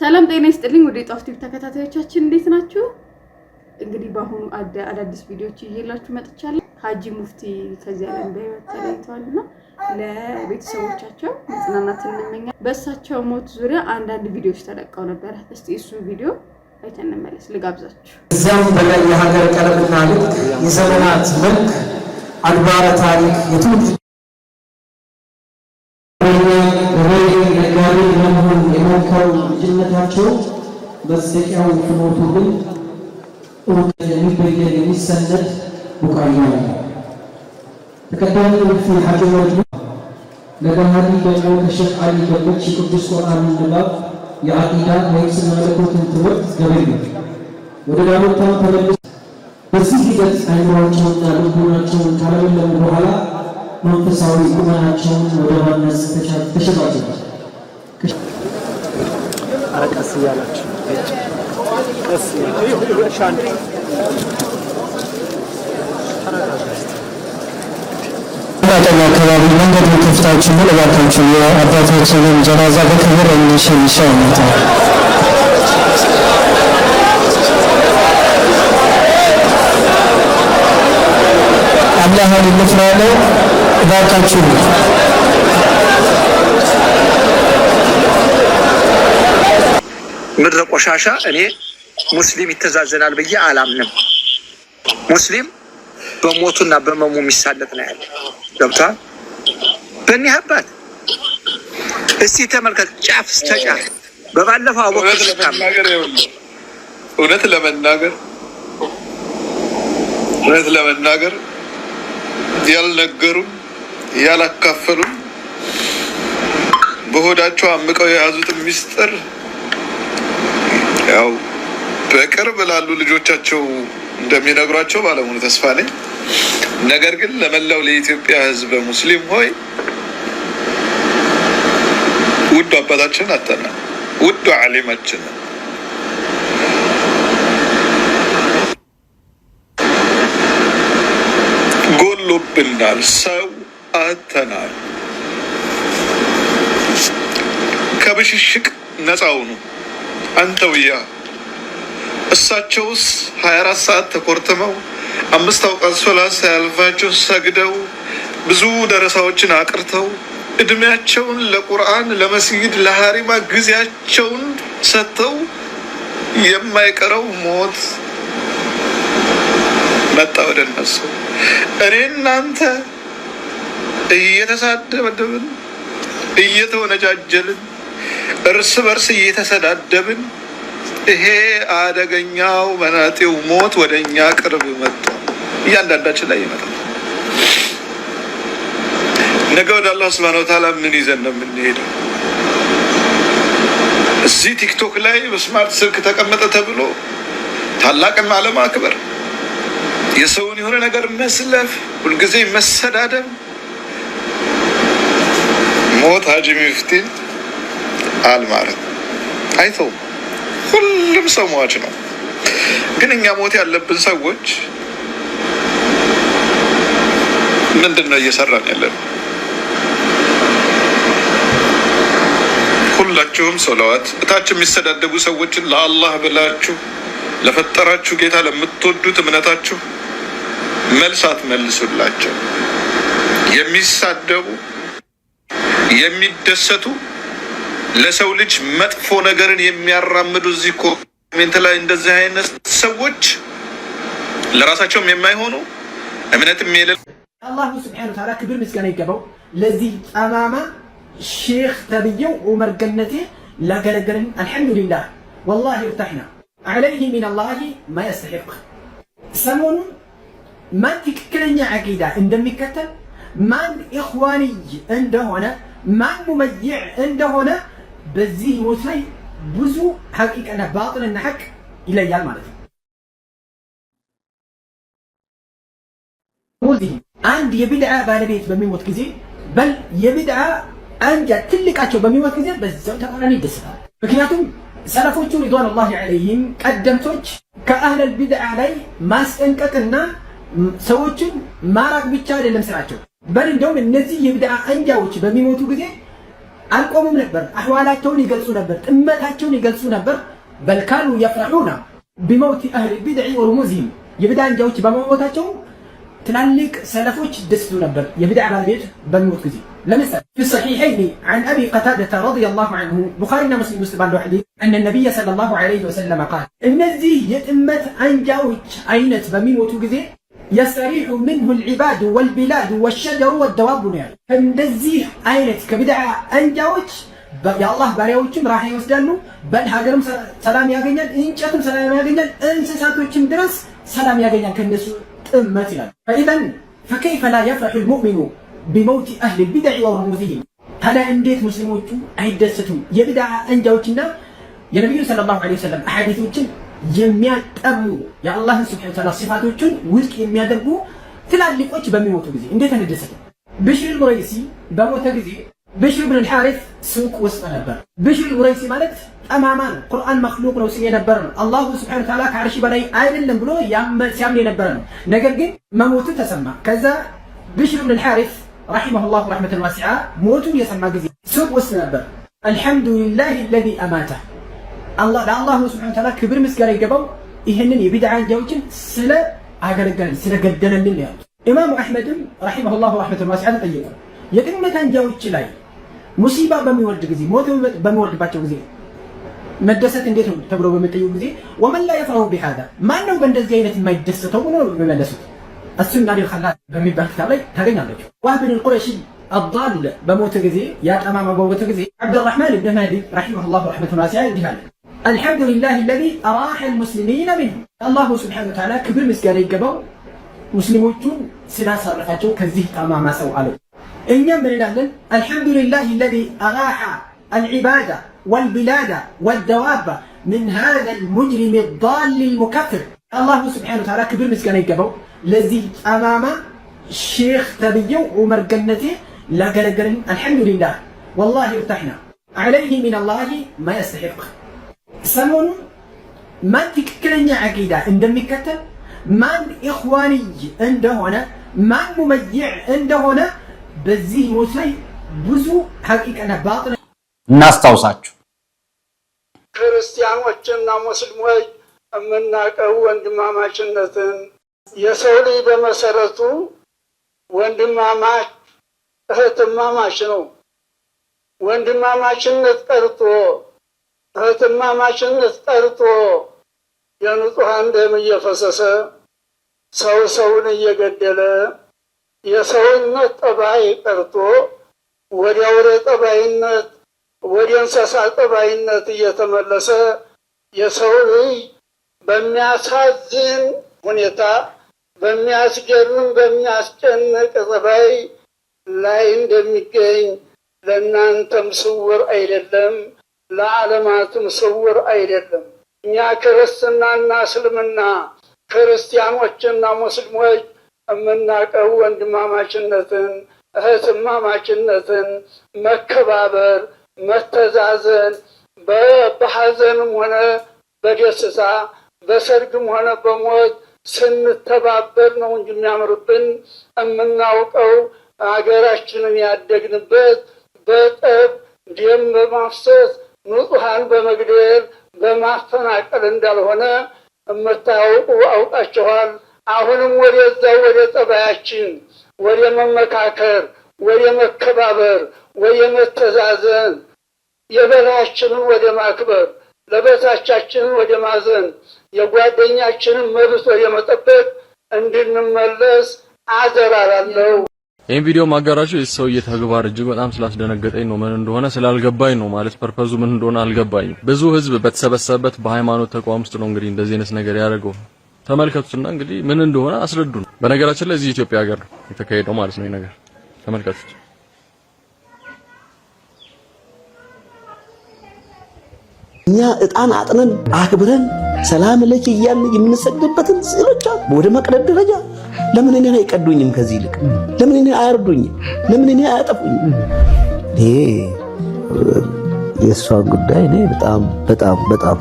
ሰላም ጤና ይስጥልኝ። ወደ ጧፍ ቲቪ ተከታታዮቻችን እንዴት ናችሁ? እንግዲህ በአሁኑ አዳዲስ ቪዲዮዎች እየላችሁ መጥቻለሁ። ሀጂ ሙፍቲ ከዚህ ዓለም በህይወት ተለይተዋልና ለቤተሰቦቻቸው መጽናናት እንመኛለን። በእሳቸው ሞት ዙሪያ አንዳንድ ቪዲዮዎች ተለቀው ነበረ። እስቲ እሱ ቪዲዮ አይተን እንመለስ። ልጋብዛችሁ። እዚያም በላይ የሀገር ቀለምና ልክ የዘመናት መልክ አድባረ ታሪክ የትውልድ ናቸው። መዘቂያው ፍኖቱ ግን እውቀት የሚበየን የሚሰነድ ቡቃያ ነው። ተቀዳሚ ሙፍቲ ሐጂ ወርዱ ለባህሪ ደግሞ ከሼክ አሊ ገመች የቅዱስ ቁርአን ንባብ የአቂዳ ወይም ስነ መለኮትን ትምህርት ገበዩ ወደ ዳሮታ ተመልስ በዚህ ሂደት አይምሯቸውና ልቡናቸውን ካለመለሙ በኋላ መንፈሳዊ ቁመናቸውን ወደ ማነጽ ተሸጋግረዋል። ኧረ ቀስ እያላችሁ ቀስ አካባቢ መንገድ መከፍታችሁ ነው። እባካችሁ የአባታችንን ጀናዛ በክብር እንሽን ይሻይነታል። አላህ ልፍራ እባካችሁ ምድረ ቆሻሻ እኔ ሙስሊም ይተዛዘናል ብዬ አላምንም። ሙስሊም በሞቱና በመሙ የሚሳለጥ ነው ያለ ገብቷል። በእኒህ አባት እስቲ ተመልከት፣ ጫፍ እስከ ጫፍ በባለፈው አወቅ እውነት ለመናገር እውነት ለመናገር ያልነገሩም ያላካፈሉም በሆዳቸው አምቀው የያዙትን ምስጢር ያው በቅርብ ላሉ ልጆቻቸው እንደሚነግሯቸው ባለሙሉ ተስፋ ነኝ። ነገር ግን ለመላው ለኢትዮጵያ ህዝብ ሙስሊም ሆይ ውዱ አባታችን አተና ውዱ ዓሊማችን ጎሎብናል፣ ሰው አተናል። ከብሽሽቅ ነፃ አንተውያ እሳቸውስ 24 ሰዓት ተኮርትመው አምስት አውቃት ሶላት ሳያልፋቸው ሰግደው ብዙ ደረሳዎችን አቅርተው እድሜያቸውን ለቁርአን ለመስጊድ ለሀሪማ ጊዜያቸውን ሰጥተው የማይቀረው ሞት መጣ ወደ እነሱ። እኔ እናንተ እየተሳደብን እየተወነጃጀልን እርስ በርስ እየተሰዳደብን ይሄ አደገኛው መናጤው ሞት ወደ እኛ ቅርብ መጥቷል። እያንዳንዳችን ላይ ይመጣል። ነገ ወደ አላህ ስብሐነሁ ወተዓላ ምን ይዘን ነው የምንሄደው? እዚህ ቲክቶክ ላይ በስማርት ስልክ ተቀመጠ ተብሎ ታላቅን አለማክበር፣ የሰውን የሆነ ነገር መስለፍ፣ ሁልጊዜ መሰዳደብ ሞት ሀጂ ሚፍቲን አልማረም። አይተውም። ሁሉም ሰው ሟች ነው። ግን እኛ ሞት ያለብን ሰዎች ምንድን ነው እየሰራን ያለን? ሁላችሁም ሶለዋት እታች የሚሰዳደቡ ሰዎችን ለአላህ ብላችሁ ለፈጠራችሁ ጌታ ለምትወዱት እምነታችሁ መልስ አትመልሱላቸው። የሚሳደቡ የሚደሰቱ ለሰው ልጅ መጥፎ ነገርን የሚያራምዱ እዚህ ኮሜንት ላይ እንደዚህ አይነት ሰዎች ለራሳቸውም የማይሆኑ እምነትም የሌለ አላሁ ስብሐነሁ ወተዓላ ክብር ምስጋና ይገባው። ለዚህ ጠማማ ሼክ ተብዬው ዑመር ገነቴ ላገለገለን አልሐምዱሊላህ ወላሂ እርታሕና ዐለይሂ ሚነላሂ ማ የስተሒቅ ሰሞኑን ማን ትክክለኛ ዐቂዳ እንደሚከተል ማን ኢኽዋንይ እንደሆነ ማን ሙመይዕ እንደሆነ በዚህ ህይወት ላይ ብዙ ሀቂቀና ባጥንና ሀቅ ይለያል ማለት ነው። አንድ የቢድዓ ባለቤት በሚሞት ጊዜ በል የቢድዓ አንድ ትልቃቸው በሚሞት ጊዜ በዛው ተቃራኒ ይደሰታል። ምክንያቱም ሰለፎቹ ሪድዋን ላሂ ቀደምቶች ከአህለል ቢድዓ ላይ ማስጠንቀቅና ሰዎችን ማራቅ ብቻ አይደለም ስራቸው። በል እንደውም እነዚህ የቢድዓ አንጃዎች በሚሞቱ ጊዜ አልቆሙም ነበር። አህዋላቸውን ይገልጹ ነበር፣ ጥመታቸውን ይገልጹ ነበር። በልካኑ የፍረሑና ቢመውቲ አህል ቢድዒ ወሩሙዚህም የብድዓ አንጃዎች በመሞታቸው ትላልቅ ሰለፎች ደስ ነበር፣ የብድዓ ባለቤት በሚሞት ጊዜ። ለምሳሌ ፊ ሰሒሐይኒ ዐን አቢ ቀታደተ ረዲየላሁ ዐንሁ ቡኻሪና ሙስሊም ውስጥ ባለው ሐዲስ እነ ነቢይ ሰለላሁ ዐለይሂ ወሰለም ቃል እነዚህ የጥመት አንጃዎች አይነት በሚሞቱ ጊዜ የሰሪሑ ምንሁ ልዕባዱ ወልቢላዱ ወሸጀሩ ወደዋቡ ነው ያሉ። እንደዚህ አይነት ከቢድዓ አንጃዎች የአላህ ባሪያዎችም ራሓ ይወስዳሉ። በል ሀገርም ሰላም ያገኛል፣ እንጨትም ሰላም ያገኛል፣ እንስሳቶችም ድረስ ሰላም ያገኛል ከእነሱ ጥመት ይላሉ። ፈኢዘን ፈከይፈ ላ የፍረሑ ልሙእሚኑ ቢመውቲ አህል ልቢድዕ ወሩሩዝህም ታዲያ እንዴት ሙስሊሞቹ አይደሰቱም የቢድዓ አንጃዎችና የነቢዩ ሰለላሁ ዐለይሂ ወሰለም አሓዲቶችን የሚያጠሩ የአላህን ስብሐ ወተዓላ ሲፋቶችን ውድቅ የሚያደርጉ ትላልቆች በሚሞቱ ጊዜ እንዴት እንደሰለ ብሽር ቁረይሲ በሞተ ጊዜ ብሽር ብን ልሓሪፍ ሱቅ ውስጥ ነበር። ብሽር ቁረይሲ ማለት ጠማማ ነው። ቁርአን መክሉቅ ነው ሲል የነበረ ነው። አላሁ ስብሐነ ወተዓላ ከአርሺ በላይ አይደለም ብሎ ሲያምን የነበረ ነው። ነገር ግን መሞቱ ተሰማ። ከዛ ብሽር ብን ልሓሪፍ ረሒመሁላሁ ረሕመተን ዋሲዓ ሞቱ የሰማ ጊዜ ሱቅ ውስጥ ነበር። አልሐምዱሊላህ ለዚ አማታ አላህ ለአላህ ሱብሓነሁ ወተዓላ ክብር ምስጋና ይገባው። ይህንን የቢድዓ አንጃዎችን ስለ አገለገለን ስለገደለልን ያሉት ኢማሙ አሕመድም ረሒመሁላሁ ረሕመተን ዋሲዐን ጠየቀ። የቅንነት አንጃዎች ላይ ሙሲባ በሚወርድ ጊዜ ሞት በሚወርድባቸው ጊዜ መደሰት እንዴት ነው ተብሎ በሚጠየቁ ጊዜ ወመን ላ የፍረሁ ቢሃዛ ማን ነው በእንደዚህ አይነት የማይደሰተው ብሎ መለሱት። እሱም ናዲ ኸላል በሚባል ክታብ ላይ ታገኛለች። ዋህብ ብን ቁረሺ አዳል በሞተ ጊዜ ያጠማማ በሞተ ጊዜ ዓብድራሕማን ብን ማህዲ ረሒመሁላሁ ረሕመተን ዋሲዐን እንዲህ አለ الحمد لله الذي أراح المسلمين منه الله سبحانه وتعالى ክብር ምስጋና ይገባው ሙስሊሞቹን ስላሳረፋቸው ከዚህ ጠማማ سوء አለ إن ምን እንላለን الحمد لله الذي أراح العبادة والبلاد والدواب من هذا المجرم الضال المكفر الله سبحانه وتعالى ክብር ምስጋና ይገባው ለዚህ ጠማማ ሼክ ተብየው ዑመር ገነቴ ላገለገለን الحمد لله والله ارتحنا عليه من الله ما يستحق ሰሞኑን ማን ትክክለኛ አቂዳ እንደሚከተል ማን ኢኽዋንይ እንደሆነ ማን ሙመይዕ እንደሆነ በዚህ ሞት ላይ ብዙ ሐቂቀና ባጥ እናስታውሳችሁ። ክርስቲያኖችና ሙስሊሞች የምናቀው ወንድማማችነትን የሰው ልጅ በመሰረቱ ወንድማማች እህትማማች ነው። ወንድማማችነት ቀርቶ ከትማማችነት ጠርቶ የንጹሐን ደም እየፈሰሰ ሰው ሰውን እየገደለ የሰውነት ጠባይ ቀርቶ ወደ አውሬ ጠባይነት ወደ እንስሳ ጠባይነት እየተመለሰ የሰው ልጅ በሚያሳዝን ሁኔታ በሚያስገርም በሚያስጨንቅ ጠባይ ላይ እንደሚገኝ ለእናንተም ስውር አይደለም። ለዓለማትም ስውር አይደለም። እኛ ክርስትናና እስልምና ክርስቲያኖችና ሙስሊሞች የምናቀው ወንድማማችነትን፣ እህትማማችነትን፣ መከባበር፣ መተዛዘን በሐዘንም ሆነ በደስታ በሰርግም ሆነ በሞት ስንተባበር ነው እንጂ የሚያምርብን። የምናውቀው አገራችንን ያደግንበት በጠብ ደም በማፍሰስ ንጹሐን በመግደል በማፈናቀል እንዳልሆነ የምታውቁ አውቃችኋል። አሁንም ወደዛው ወደ ጠባያችን፣ ወደ መመካከር፣ ወደ መከባበር፣ ወደ መተዛዘን፣ የበላያችንን ወደ ማክበር፣ ለበታቻችንን ወደ ማዘን፣ የጓደኛችንን መብት ወደ መጠበቅ እንድንመለስ አደራ ይህን ቪዲዮ ማጋራሹ የሰውዬ ተግባር እጅግ በጣም ስላስደነገጠኝ ነው። ምን እንደሆነ ስላልገባኝ ነው ማለት ፐርፐዙ ምን እንደሆነ አልገባኝም። ብዙ ህዝብ በተሰበሰበበት በሃይማኖት ተቋም ውስጥ ነው እንግዲህ እንደዚህ አይነት ነገር ያደረገው። ተመልከቱትና እንግዲህ ምን እንደሆነ አስረዱ ነው። በነገራችን ላይ እዚህ ኢትዮጵያ ሀገር ነው የተካሄደው ማለት ነው ነገር ተመልከቱት። እኛ እጣን አጥነን አክብረን ሰላም ለኪ እያልን የምንሰግድበትን ስዕሎች ወደ መቅደድ ደረጃ ለምን እኔን አይቀዱኝም? ከዚህ ይልቅ ለምን እኔን አያርዱኝም? ለምን እኔን አያጠፉኝም? ይሄ የእሷን ጉዳይ እኔ በጣም በጣም በጣም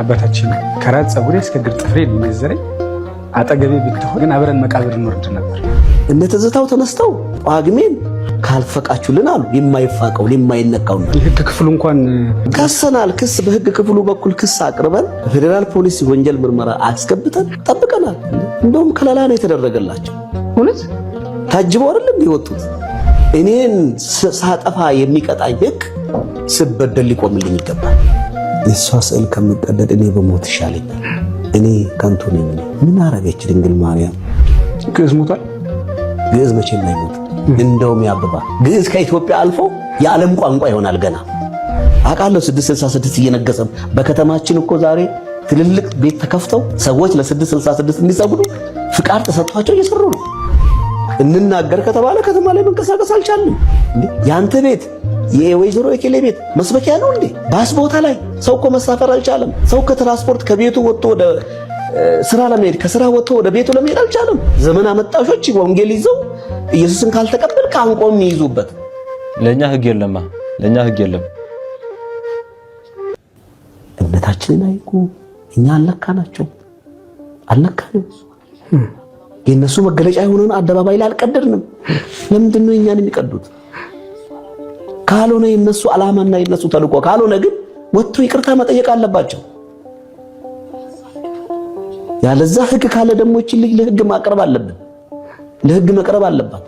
አባታችን ከራስ ፀጉሬ እስከ ግር ጥፍሬ የሚመዘረኝ አጠገቤ ብትሆን ግን አብረን መቃብር እንወርድ ነበር። እነ ትዝታው ተነስተው ጳጉሜን ካልፈቃችሁልን አሉ። የማይፋቀውን የማይነካውን የህግ ክፍሉ እንኳን ከሰናል። ክስ በህግ ክፍሉ በኩል ክስ አቅርበን ፌዴራል ፖሊስ ወንጀል ምርመራ አስገብተን ጠብቀናል። እንደውም ከለላ ነው የተደረገላቸው። እውነት ታጅበው አይደለም የወጡት። እኔን ሳጠፋ የሚቀጣኝ ህግ ስበደል ሊቆምልኝ ይገባል። የእሷ ስዕል ከምቀደድ እኔ በሞት ይሻለኛል። እኔ ከንቱ ነኝ። ምን አረገች ድንግል ማርያም? ግዕዝ ሞቷል። ግዕዝ መቼም አይሞትም። እንደውም ያብባል። ግዕዝ ከኢትዮጵያ አልፎ የዓለም ቋንቋ ይሆናል። ገና አውቃለሁ። 666 እየነገሰ በከተማችን እኮ ዛሬ ትልልቅ ቤት ተከፍተው ሰዎች ለ666 እንዲሰግዱ ፍቃድ ተሰጥቷቸው እየሰሩ ነው። እንናገር ከተባለ ከተማ ላይ መንቀሳቀስ አልቻልንም። ያንተ ቤት የወይዘሮ የኬሌ ቤት መስበኪያ ነው እንዴ? ባስ ቦታ ላይ ሰው እኮ መሳፈር አልቻለም። ሰው ከትራንስፖርት ከቤቱ ወጥቶ ወደ ስራ ለመሄድ ከስራ ወጥቶ ወደ ቤቱ ለመሄድ አልቻለም። ዘመን አመጣሾች ወንጌል ይዘው ኢየሱስን ካልተቀበል አንቆ የሚይዙበት። ለእኛ ህግ የለማ፣ ለእኛ ህግ የለም። እምነታችንን አይቁ። እኛ አለካ ናቸው አለካ የእነሱ መገለጫ የሆነውን አደባባይ ላይ አልቀደድንም። ለምንድን ነው እኛን የሚቀዱት? ካልሆነ የእነሱ አላማና የእነሱ ተልእኮ ካልሆነ ግን ወጥቶ ይቅርታ መጠየቅ አለባቸው። ያለዛ ህግ ካለ ደግሞ እቺ ልጅ ለህግ ማቅረብ አለብን፣ ለህግ መቅረብ አለባት።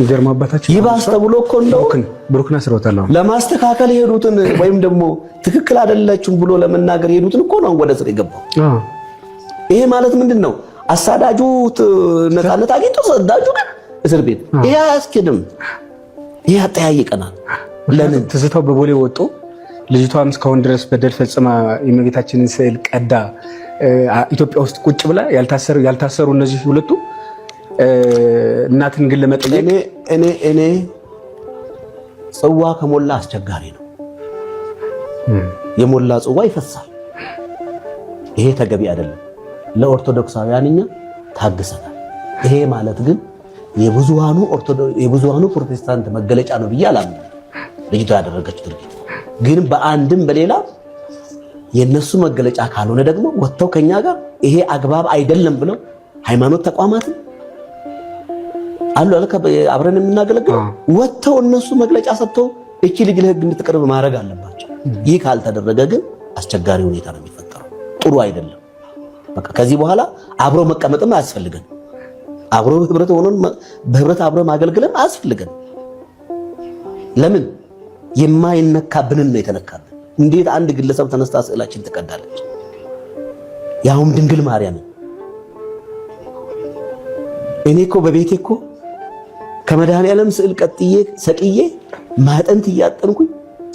ይገርማ አባታችን ይባስ ተብሎ እኮ እንደው ብሩክና ስሮታል ለማስተካከል የሄዱትን ወይም ደግሞ ትክክል አይደለችም ብሎ ለመናገር የሄዱትን እኮ ነው ወደ ስር የገባው። ይሄ ማለት ምንድን ነው? አሳዳጁ ነፃነት አግኝቶ ሰዳጁ ግን እስር ቤት። ይሄ አያስኬድም። ይሄ አጠያይቀናል። ለምን ትዝታው በቦሌ ወጡ ልጅቷም እስካሁን ድረስ በደል ፈጽማ የእመቤታችንን ስዕል ቀዳ ኢትዮጵያ ውስጥ ቁጭ ብላ ያልታሰሩ እነዚህ ሁለቱ እናትን ግን ለመጠየቅ እኔ እኔ ጽዋ ከሞላ አስቸጋሪ ነው። የሞላ ጽዋ ይፈሳል። ይሄ ተገቢ አይደለም። ለኦርቶዶክሳውያን እኛ ታግሰናል። ይሄ ማለት ግን የብዙሃኑ ፕሮቴስታንት መገለጫ ነው ብዬ አላምንም። ልጅቷ ያደረገችው ድርጊት ግን በአንድም በሌላ የነሱ መገለጫ ካልሆነ ደግሞ ወጥተው ከኛ ጋር ይሄ አግባብ አይደለም ብለው ሃይማኖት ተቋማትን አሉ አለ አብረን የምናገለግለው ወጥተው እነሱ መግለጫ ሰጥተው እቺ ልጅ ለህግ እንድትቀርብ ማድረግ አለባቸው። ይህ ካልተደረገ ግን አስቸጋሪ ሁኔታ ነው የሚፈጠረው። ጥሩ አይደለም። በቃ ከዚህ በኋላ አብሮ መቀመጥም አያስፈልገን። አብሮ ህብረት ሆኖን በህብረት አብሮ ማገልግለን አያስፈልገን። ለምን የማይነካብንን ነው የተነካብን። እንዴት አንድ ግለሰብ ተነስታ ስዕላችን ትቀዳለች? ያውም ድንግል ማርያም። እኔ እኮ በቤቴ እኮ ከመድኃኔዓለም ስዕል ቀጥዬ ሰቅዬ ማጠንት እያጠንኩኝ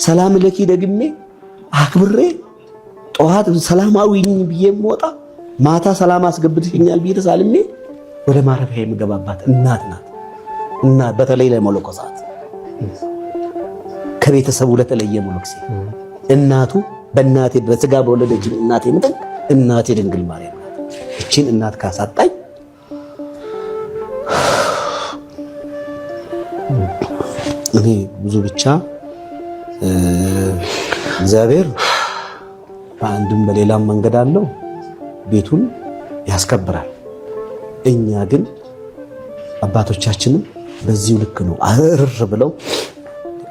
ሰላም ለኪ ደግሜ አክብሬ ጠዋት ሰላማዊ ብዬ የምወጣ ማታ ሰላም አስገብትሽኛል ብዬ ተሳልሜ ወደ ማረፊያ የምገባባት እናት ናት እና በተለይ ለመለኮሳት ከቤተሰቡ ለተለየ መነኩሴ እናቱ በእናቴ በስጋ በወለደችን እናቴ ምጥን እናቴ ድንግል ማርያም ናት። እችን እናት ካሳጣኝ እኔ ብዙ ብቻ እግዚአብሔር በአንድም በሌላም መንገድ አለው ቤቱን ያስከብራል። እኛ ግን አባቶቻችንም በዚሁ ልክ ነው አርር ብለው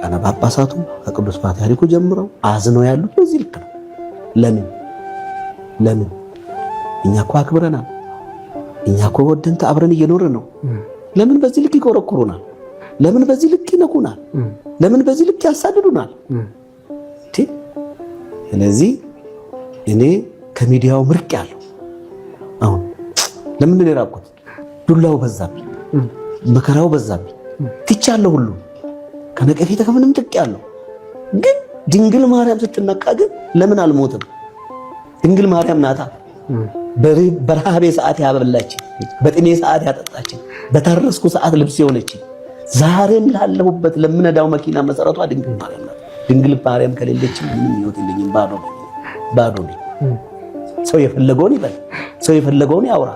ሊቃነ ጳጳሳቱ ከቅዱስ ፓትርያርኩ ጀምረው አዝነው ያሉት በዚህ ልክ ነው። ለምን ለምን እኛ እኮ አክብረናል፣ እኛ እኮ ወደንተ አብረን እየኖረ ነው። ለምን በዚህ ልክ ይቆረቁሩናል? ለምን በዚህ ልክ ይነኩናል? ለምን በዚህ ልክ ያሳድዱናል? ስለዚህ እኔ ከሚዲያው ምርቅ ያለው አሁን ለምንድን የራቁት? ዱላው በዛብኝ፣ መከራው በዛብኝ፣ ትቻለሁ ሁሉ ከነቀፌታ ከምንም ጥቅ ያለው ግን ድንግል ማርያም ስትነቃ ግን ለምን አልሞትም? ድንግል ማርያም ናታ። በረሃቤ ሰዓት ያበላች በጥሜ ሰዓት ያጠጣች በታረስኩ ሰዓት ልብስ የሆነችን፣ ዛሬም ላለሁበት ለምነዳው መኪና መሰረቷ ድንግል ማርያም ናት። ድንግል ማርያም ከሌለች ምንም ህይወት የለኝም፣ ባዶ ባዶ ሰው የፈለገውን ይበል፣ ሰው የፈለገውን ያውራ።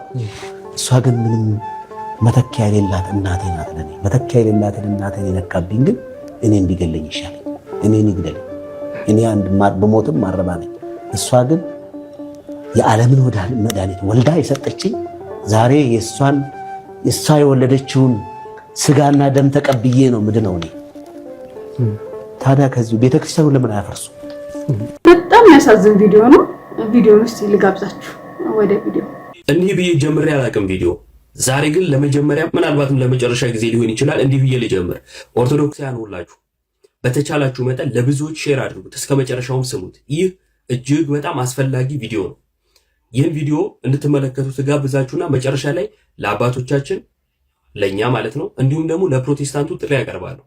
እሷ ግን ምንም መተኪያ የሌላት እናቴ ናት ለኔ። መተኪያ የሌላትን እናቴን የነካብኝ ግን እኔን ቢገለኝ ይሻል፣ እኔን ይግደለኝ። እኔ አንድ ብሞትም ማረባ ነኝ። እሷ ግን የዓለምን መድኃኒት ወልዳ የሰጠችኝ ዛሬ የእሷን እሷ የወለደችውን ስጋና ደም ተቀብዬ ነው ምድነው እኔ። ታዲያ ከዚሁ ቤተክርስቲያኑ ለምን አያፈርሱ? በጣም የሚያሳዝን ቪዲዮ ነው። ቪዲዮን ውስጥ ልጋብዛችሁ ወደ ቪዲዮ። እኒህ ብዬ ጀምሬ አላውቅም ቪዲዮ ዛሬ ግን ለመጀመሪያ ምናልባትም ለመጨረሻ ጊዜ ሊሆን ይችላል እንዲህ ብዬ ልጀምር። ኦርቶዶክሳውያን ሁላችሁ በተቻላችሁ መጠን ለብዙዎች ሼር አድርጉት፣ እስከ መጨረሻውም ስሙት። ይህ እጅግ በጣም አስፈላጊ ቪዲዮ ነው። ይህን ቪዲዮ እንድትመለከቱት ጋብዛችሁና መጨረሻ ላይ ለአባቶቻችን ለእኛ ማለት ነው እንዲሁም ደግሞ ለፕሮቴስታንቱ ጥሪ ያቀርባሉ።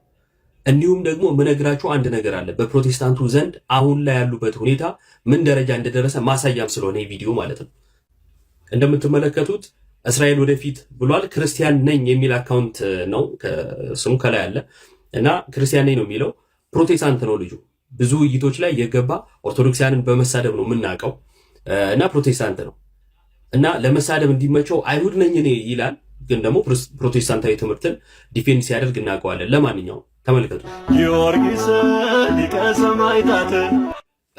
እንዲሁም ደግሞ የምነግራችሁ አንድ ነገር አለ። በፕሮቴስታንቱ ዘንድ አሁን ላይ ያሉበት ሁኔታ ምን ደረጃ እንደደረሰ ማሳያም ስለሆነ ቪዲዮ ማለት ነው። እንደምትመለከቱት እስራኤል ወደፊት ብሏል። ክርስቲያን ነኝ የሚል አካውንት ነው ስሙ ከላይ አለ እና ክርስቲያን ነኝ ነው የሚለው። ፕሮቴስታንት ነው ልጁ። ብዙ ውይይቶች ላይ የገባ ኦርቶዶክሳውያንን በመሳደብ ነው የምናውቀው እና ፕሮቴስታንት ነው እና ለመሳደብ እንዲመቸው አይሁድ ነኝ እኔ ይላል። ግን ደግሞ ፕሮቴስታንታዊ ትምህርትን ዲፌንድ ሲያደርግ እናውቀዋለን። ለማንኛውም ተመልከቱ ጊዮርጊስ ሊቀ ሰማዕታት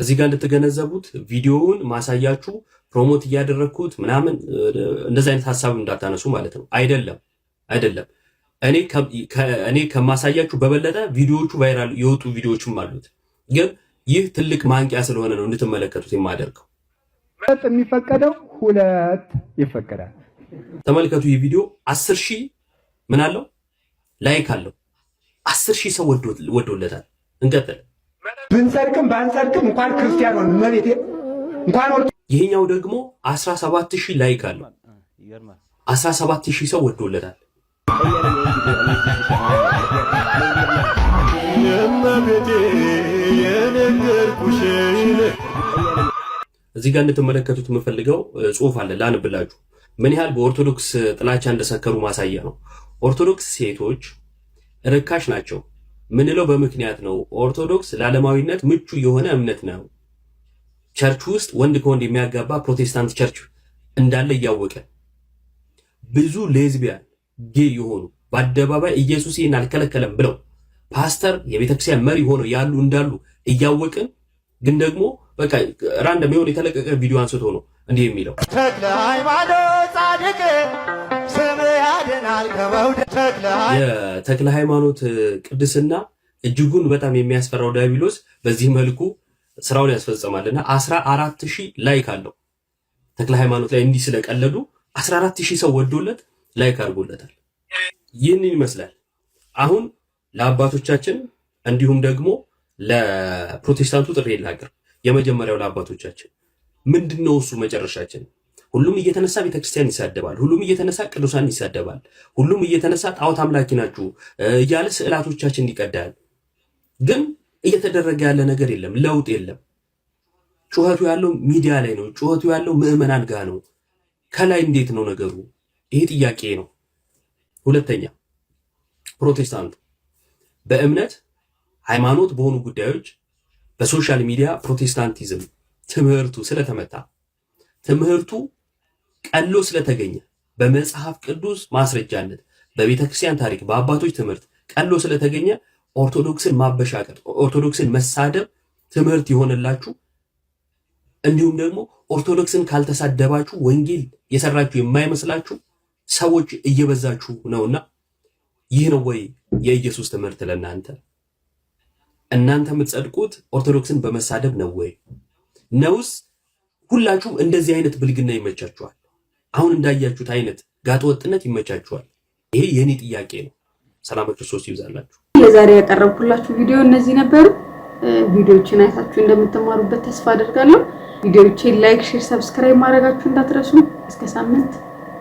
እዚህ ጋር እንድትገነዘቡት ቪዲዮውን ማሳያችሁ ፕሮሞት እያደረግኩት ምናምን እንደዚ አይነት ሀሳብ እንዳታነሱ ማለት ነው። አይደለም አይደለም። እኔ ከማሳያችሁ በበለጠ ቪዲዮዎቹ ቫይራል የወጡ ቪዲዮዎችም አሉት። ግን ይህ ትልቅ ማንቂያ ስለሆነ ነው እንድትመለከቱት የማደርገው። ሁለት የሚፈቀደው ሁለት ይፈቀዳል። ተመልከቱ። ይህ ቪዲዮ አስር ሺህ ምን አለው ላይክ አለው። አስር ሺህ ሰው ወዶለታል። እንቀጥል ብንሰርክም ባንሰርክም እንኳን ክርስቲያን ሆን መቤት እንኳን ወር ይሄኛው ደግሞ 17000 ላይክ አለው። 17000 ሰው ወዶለታል። እዚህ ጋር እንደተመለከቱት የምፈልገው ጽሁፍ አለ ላንብላችሁ። ምን ያህል በኦርቶዶክስ ጥላቻ እንደሰከሩ ማሳያ ነው። ኦርቶዶክስ ሴቶች ርካሽ ናቸው ምንለው በምክንያት ነው። ኦርቶዶክስ ለዓለማዊነት ምቹ የሆነ እምነት ነው። ቸርች ውስጥ ወንድ ከወንድ የሚያጋባ ፕሮቴስታንት ቸርች እንዳለ እያወቀ ብዙ ሌዝቢያን ጌ የሆኑ በአደባባይ ኢየሱስ ይህን አልከለከለም ብለው ፓስተር የቤተክርስቲያን መሪ ሆነው ያሉ እንዳሉ እያወቅን ግን ደግሞ በቃ ራንደም የሆነ የተለቀቀ ቪዲዮ አንስቶ ነው እንዲህ የሚለው ተክለ ሃይማኖት ጻድቅ የተክለ ሃይማኖት ቅድስና እጅጉን በጣም የሚያስፈራው ዲያብሎስ በዚህ መልኩ ስራውን ያስፈጽማልና አስራ አራት ሺህ ላይክ አለው ተክለ ሃይማኖት ላይ እንዲህ ስለቀለዱ አስራ አራት ሺህ ሰው ወዶለት ላይክ አድርጎለታል። ይህንን ይመስላል። አሁን ለአባቶቻችን እንዲሁም ደግሞ ለፕሮቴስታንቱ ጥሪ ላቅርብ። የመጀመሪያው ለአባቶቻችን ምንድን ነው እሱ መጨረሻችን ሁሉም እየተነሳ ቤተክርስቲያን ይሳደባል። ሁሉም እየተነሳ ቅዱሳን ይሳደባል። ሁሉም እየተነሳ ጣዖት አምላኪ ናችሁ እያለ ስዕላቶቻችን ይቀዳል። ግን እየተደረገ ያለ ነገር የለም፣ ለውጥ የለም። ጩኸቱ ያለው ሚዲያ ላይ ነው። ጩኸቱ ያለው ምዕመናን ጋር ነው። ከላይ እንዴት ነው ነገሩ? ይሄ ጥያቄ ነው። ሁለተኛ ፕሮቴስታንቱ በእምነት ሃይማኖት በሆኑ ጉዳዮች በሶሻል ሚዲያ ፕሮቴስታንቲዝም ትምህርቱ ስለተመታ ትምህርቱ ቀሎ ስለተገኘ በመጽሐፍ ቅዱስ ማስረጃነት በቤተ ክርስቲያን ታሪክ በአባቶች ትምህርት ቀሎ ስለተገኘ ኦርቶዶክስን ማበሻቀር፣ ኦርቶዶክስን መሳደብ ትምህርት የሆነላችሁ እንዲሁም ደግሞ ኦርቶዶክስን ካልተሳደባችሁ ወንጌል የሰራችሁ የማይመስላችሁ ሰዎች እየበዛችሁ ነውና ይህ ነው ወይ የኢየሱስ ትምህርት ለእናንተ? እናንተ የምትጸድቁት ኦርቶዶክስን በመሳደብ ነው ወይ? ነውስ ሁላችሁም እንደዚህ አይነት ብልግና ይመቻችኋል? አሁን እንዳያችሁት አይነት ጋጠ ወጥነት ይመቻችኋል? ይሄ የእኔ ጥያቄ ነው። ሰላም ክርስቶስ ይብዛላችሁ። ለዛሬ ያቀረብኩላችሁ ቪዲዮ እነዚህ ነበሩ። ቪዲዮዎችን አይታችሁ እንደምትማሩበት ተስፋ አደርጋለሁ። ቪዲዮዎችን ላይክ፣ ሼር፣ ሰብስክራይብ ማድረጋችሁ እንዳትረሱ። እስከ ሳምንት